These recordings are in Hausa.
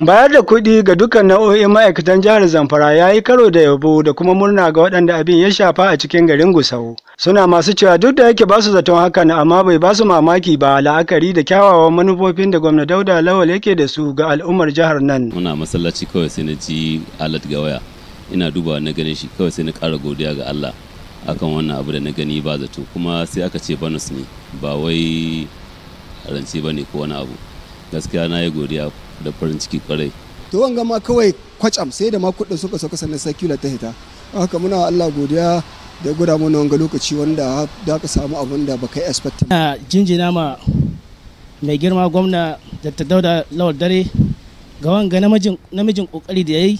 Bayar da kuɗi ga dukkan nau'o'in ma'aikatan jihar Zamfara ya yi karo da yabo da kuma murna ga waɗanda abin ya shafa a cikin garin Gusau. Suna masu cewa duk da yake basu zaton hakan amma bai basu mamaki ba la'akari da kyawawan manufofin da gwamna Dauda Lawal yake da su ga al'ummar jihar nan. Muna masallaci kawai sai na ji alat ga waya. Ina dubawa na ganin shi kawai sai na ƙara godiya ga Allah akan wannan abu da na gani ba zato kuma sai aka ce bonus ne ba wai rance ne ko wani abu. Gaskiya na yi godiya da farin ciki kwarai to wanga ma kawai kwacam sai da ma kuɗin suka sauka sannan sakula ta hita haka muna Allah godiya da ya mana wanga lokaci wanda da ka samu abin da baka yi expecting a jinjina ma mai girma gwamna da ta dauda lawal dare ga wanga namijin kokari da yayi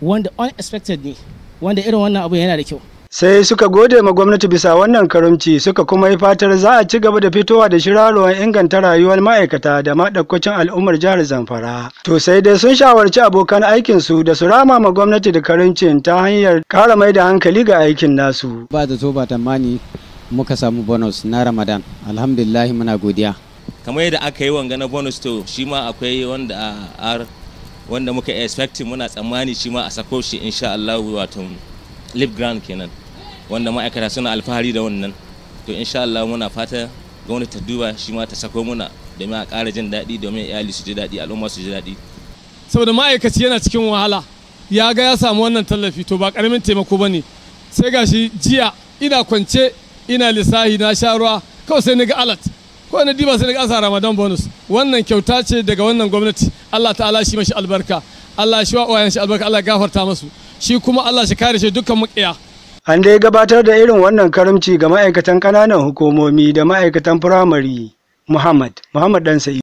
wanda unexpected ne wanda irin wannan abu yana da kyau sai suka gode ma gwamnati bisa wannan karimci, suka kuma yi fatar za a ci gaba da fitowa da shirarwar inganta rayuwar ma'aikata da maɗaukacin al'ummar jihar zamfara to sai dai sun shawarci abokan aikin su da su rama ma gwamnati da karamcin ta hanyar ƙara mai da hankali ga aikin nasu ba da zo ba tamani muka samu bonus na ramadan alhamdulillah muna godiya kamar yadda aka yi wanga na bonus to shi ma akwai wanda a wanda muka expecting muna tsammani shi ma a sako shi insha Allah wato lip ground kenan wanda ma'aikata suna alfahari da wannan to insha Allah muna fata wani ta duba shi ma ta sako muna domin a ƙara jin daɗi domin iyali su ji daɗi al'umma su ji daɗi saboda ma'aikaci yana cikin wahala ya ga ya samu wannan tallafi to ba ƙaramin taimako ba ne sai gashi jiya ina kwance ina lissahi na sha ruwa kawai sai ga alat ko na diba sai ga asa ramadan bonus wannan kyauta ce daga wannan gwamnati allah ta'ala shi mashi albarka allah shi wa shi albarka allah gafarta masu shi kuma Allah shi kare shi dukkan mukiya an dai gabatar da irin wannan karamci ga ma'aikatan ƙananan hukumomi da ma'aikatan firamare Muhammad Muhammad Ɗansa'i.